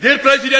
Dear President,